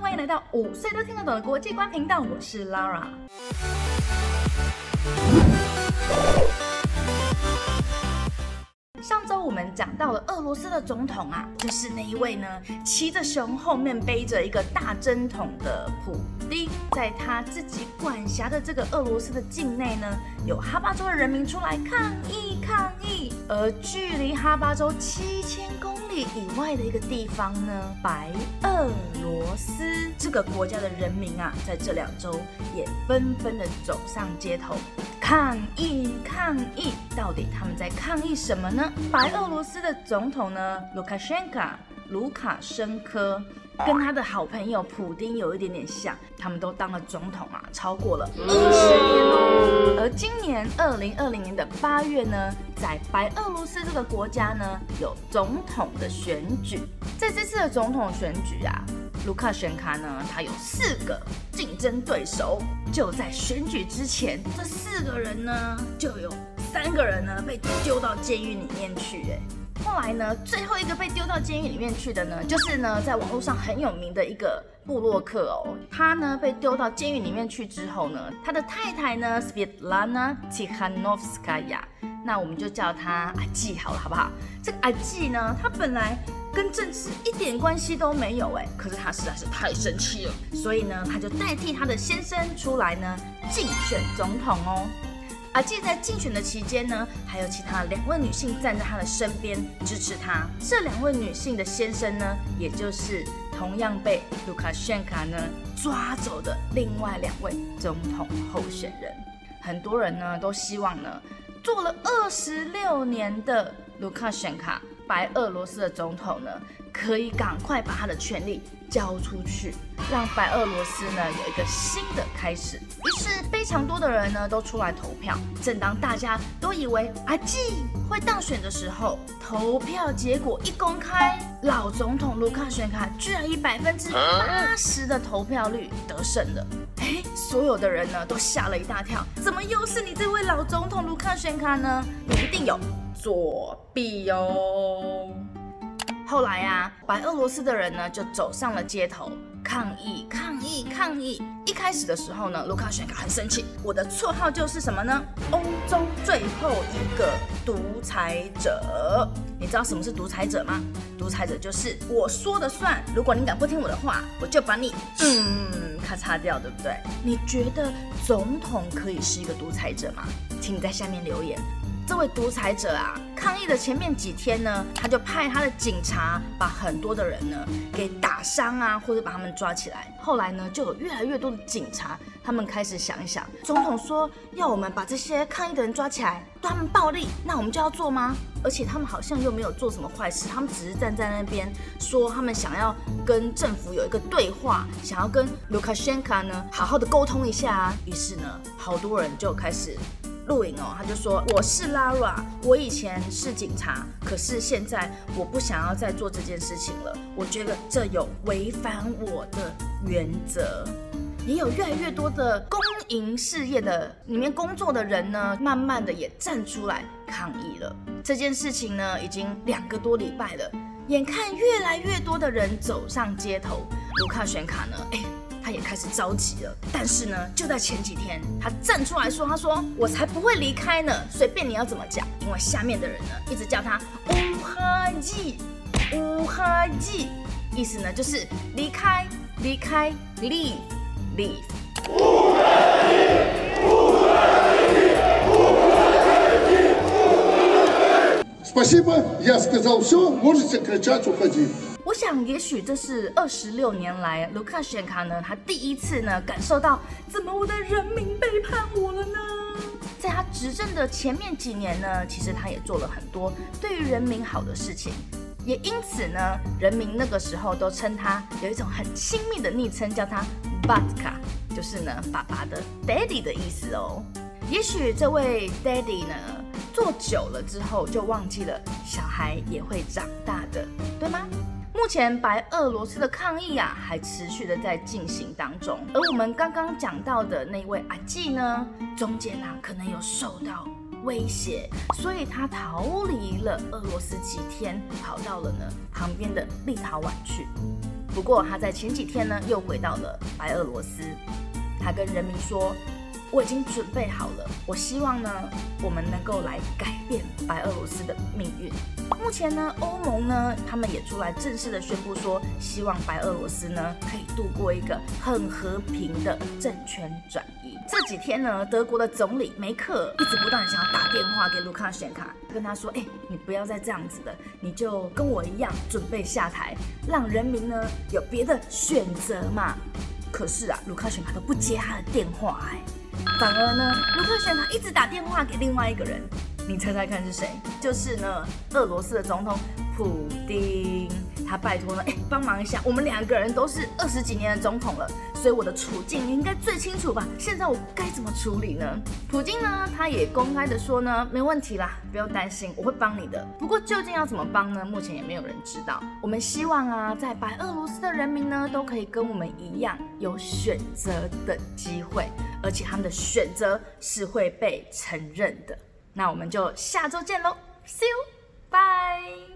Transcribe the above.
歡迎來到五歲都聽得懂的國際觀頻道，我是 Lara。上周我們講到了俄羅斯的總統啊，就是那一位呢，騎着熊後面背着一個大針筒的普京，在他自己管轄的這個俄羅斯的境內呢，有哈巴州的人民出來抗議抗議。而距離哈巴州七千公里以外的一個地方呢，白俄羅斯這個國家的人民啊，在這兩周也紛紛的走上街頭抗議，抗議，到底他們在抗議什麼呢？白俄羅斯的總統呢，盧卡申卡，盧卡申科。跟他的好朋友普丁有一點點像，他們都當了總統啊，超過了二十年哦。嗯、而今年二零二零年的八月呢，在白俄羅斯這個國家呢，有總統的選舉。在這次的總統選舉啊，盧卡申科呢，他有四個競爭對手。就在選舉之前，這四個人呢，就有三個人呢被丟到監獄裡面去、欸，誒。後來呢，最後一個被丟到監獄裡面去的呢，就是呢，在網絡上很有名的一個部落客哦。他呢被丟到監獄裡面去之後呢，他的太太呢，Svitlana Tikhonovskaya，那我們就叫他阿季好了，好不好？這個阿季呢，他本來跟政治一點關係都沒有哎，可是他實在是太生氣了，所以呢，他就代替他的先生出來呢競選總統哦。而且，啊，在競選的期間呢，還有其他兩位女性站在他的身邊支持他。這兩位女性的先生呢，也就是同樣被盧卡申科呢抓走的另外兩位總統候選人。很多人呢都希望呢，做了二十六年的盧卡申科。白俄羅斯的總統呢，可以趕快把他的權力交出去，讓白俄羅斯呢有一個新的開始。於是非常多的人呢都出來投票。正當大家都以為阿基會當選的時候，投票結果一公開，老總統盧卡申科居然以百分之八十的投票率得勝了。欸，所有的人呢都嚇了一大跳，怎麼又是你這位老總統盧卡申科呢？你一定有。作弊哦！後來啊，白俄羅斯的人呢就走上了街頭抗議，抗議，抗議。一開始的時候呢，盧卡申科很生氣，我的綽號就是什麼呢？歐洲最後一個獨裁者。你知道什麼是獨裁者嗎？獨裁者就是我說了算，如果你敢不聽我的話，我就把你嗯、呃、咔嚓掉，對不對？你覺得總統可以是一個獨裁者嗎？請你在下面留言。這位獨裁者啊，抗議的前面幾天呢，他就派他的警察把很多的人呢給打傷啊，或者把他們抓起來。後來呢，就有越來越多的警察，他們開始想一想，總統說要我們把這些抗議的人抓起來，對他們暴力，那我們就要做嗎？而且他們好像又沒有做什麼壞事，他們只是站在那邊說他們想要跟政府有一個對話，想要跟盧卡申卡呢好好的溝通一下啊。於是呢，好多人就開始錄影哦。他就說：“我是拉拉，我以前是警察，可是現在我不想要再做這件事情了。我覺得這有違反我的。”原則，也有越來越多的公營事業的裡面工作的人呢，慢慢的也站出來抗議了。這件事情呢，已經兩個多禮拜了，眼看越來越多的人走上街頭，盧卡申科呢，誒、哎，他也開始着急了。但是呢，就在前幾天，他站出來說：“他說我才不會離開呢，隨便你要怎麼講。”因為下面的人呢，一直叫他“烏哈季”，烏哈季意思呢，就是離開。離開，leave，leave。離離，我想，也許這是二十六年來盧卡申科呢，他第一次呢，感受到，怎麼我的人民背叛我了呢？在他執政的前面幾年呢，其實他也做了很多對於人民好的事情。也因此呢，人民那個時候都稱他有一種很親密的昵稱，叫他 Batka 就是呢爸爸的 Daddy 的意思哦。也許這位 Daddy 呢，坐久了之後就忘記了，小孩也會長大的，對嗎？目前白俄羅斯的抗議啊，還持續的在進行當中。而我們剛剛講到的那位阿季呢，中間啊可能有受到。威脅，所以他逃離了俄羅斯幾天，跑到了呢旁邊的立陶宛去。不過他在前幾天呢又回到了白俄羅斯，他跟人民說。我已經準備好了，我希望呢，我們能夠來改變白俄羅斯的命運。目前呢，歐盟呢，他們也出來正式的宣布說，希望白俄羅斯呢可以度過一個很和平的政權轉移。這幾天呢，德國的總理梅克一直不斷想要打電話給盧卡申科，跟他說，誒、欸，你不要再這樣子了，你就跟我一樣準備下台，讓人民呢有別的選擇嘛。可是啊，盧卡申科他都不接他的電話哎、欸，反而呢，盧卡申科他一直打電話給另外一個人，你猜猜看是誰？就是呢，俄羅斯的總統普丁。他拜託呢，欸，幫忙一下，我們兩個人都是二十幾年的總統了，所以我的處境你應該最清楚吧？現在我該怎麼處理呢？普京呢，他也公開的說呢，沒問題啦，不要擔心，我會幫你的。不過究竟要怎麼幫呢？目前也沒有人知道。我們希望啊，在白俄羅斯的人民呢，都可以跟我們一樣有選擇的機會，而且他們的選擇是會被承認的。那我們就下週見嘍，See you，bye。